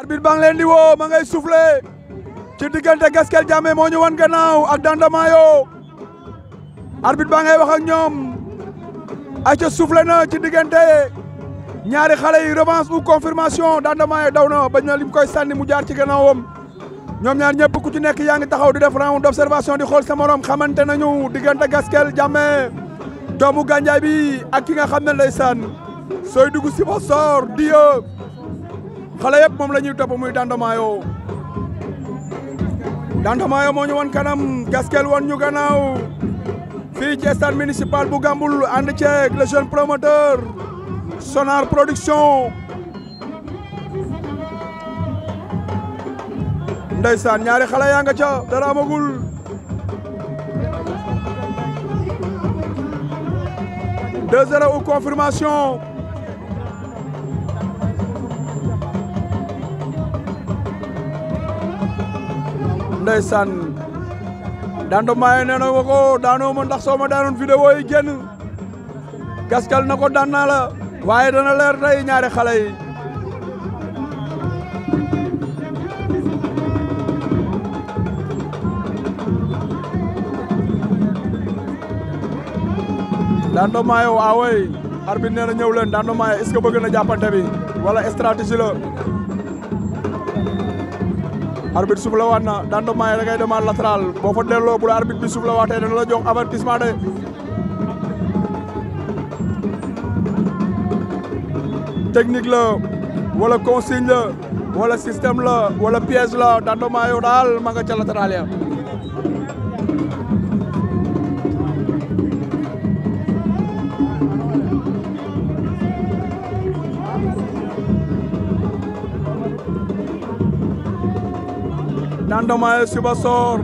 arbitre bang len di wo ma ngay souffler ci digante Gaskel Diamé mo ñu wan gannaaw ak dandama Mayo arbitre baa ngay wax ak ñoom ayca souffler na ci digante ñaari xalé yi revanche ou confirmation Danda yo daw na bañ na lim koy sanni mu jaar ci gannaawum ñom ñaar ñepp ku ci nekk yaangi taxaw di def round d'observation di xol sa morom xamanté nañu digante Gaskel Diamé domu ganjay bi ak ki nga xamné lay san soy dugg si bo sor dieu xale yëpp moom la ñuy topp muy Dandamayo Dandamayo moo ñu wan kanam Gaskel wan ñu gannaaw fii ci stade municipal bu Gamboul ànd ceeg le jeune promoteur Sonar production ndeysaan ñaari xale yaa nga ca dara amagul deux zéro ou confirmation ndeysaan Dando Maye nee na ko daanoo ndax soo daanoon vidéo yi gaskal na ko daan waaye dana leer tey ñaari xale yi Dando Maye waawoy arbitre nee na ñëw leen Dando bi wala stratégie arbitre suuf la waat na Dando Mané da ngay demaat boo fa delloo bu la la waatee dana la jox avertissement de. technique la wala consigne la wala système la wala piège la Dando Mané daal ma nga ca latéral ya Ndandomaye Sibassor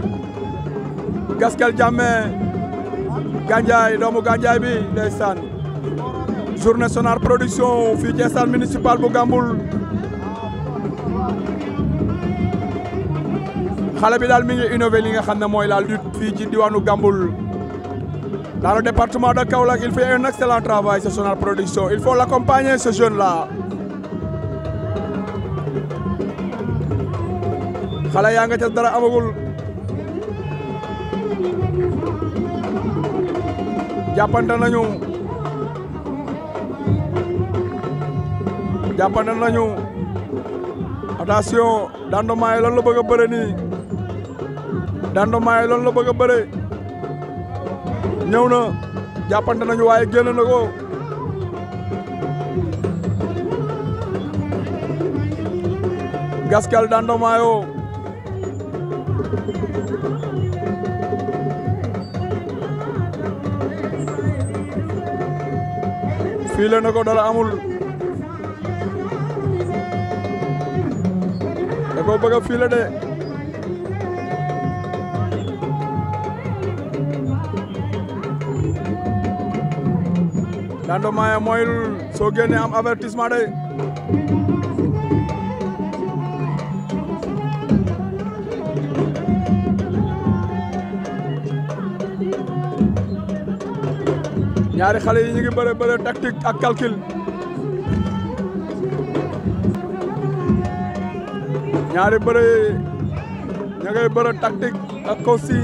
Gaskel Jammeh Gandiaye doomu Gandiaye bi ndeysaan journée Sonar production fii ci stade municipal bu Gamboul xale bi daal mi ngi innové li nga xam ne mooy la lutte fii ci diwaanu Gamboul dans le département de Kaolack il fait un excellent travail ce Sonar production il la l'accompagner ce jeune la xale yaa nga ca dara amagul jàppante nañu jàppante nañu attention Dando la bëgg a bëre nii la bëgg a bëre ñëw na jàppante nañu waaye génn na ko Gaskel Dando fiile na ko dara amul da ko bëgg a fiile de Nando Maye mooyul soo génnee am avertissement de ñaari xalé yi ñi ngi bëre bëre tactique ak calcul ñaari bëre yi ña bëre tactique ak kosi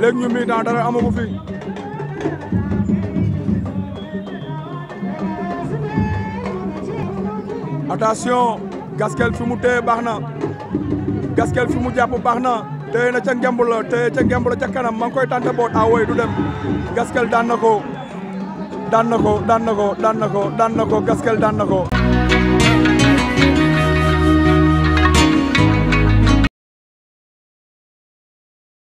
léegi ñu mi da dara amagu fi attention gaskel fi mu téye baax na gaskel fi mu jàpp baax na téye na ca ngemb la téye ca ngemb la ca kanam ma ngi koy tànte boot a ah woy du dem gaskel daan na ko daan ko daan na ko daan na ko daan na ko gaskel daan na ko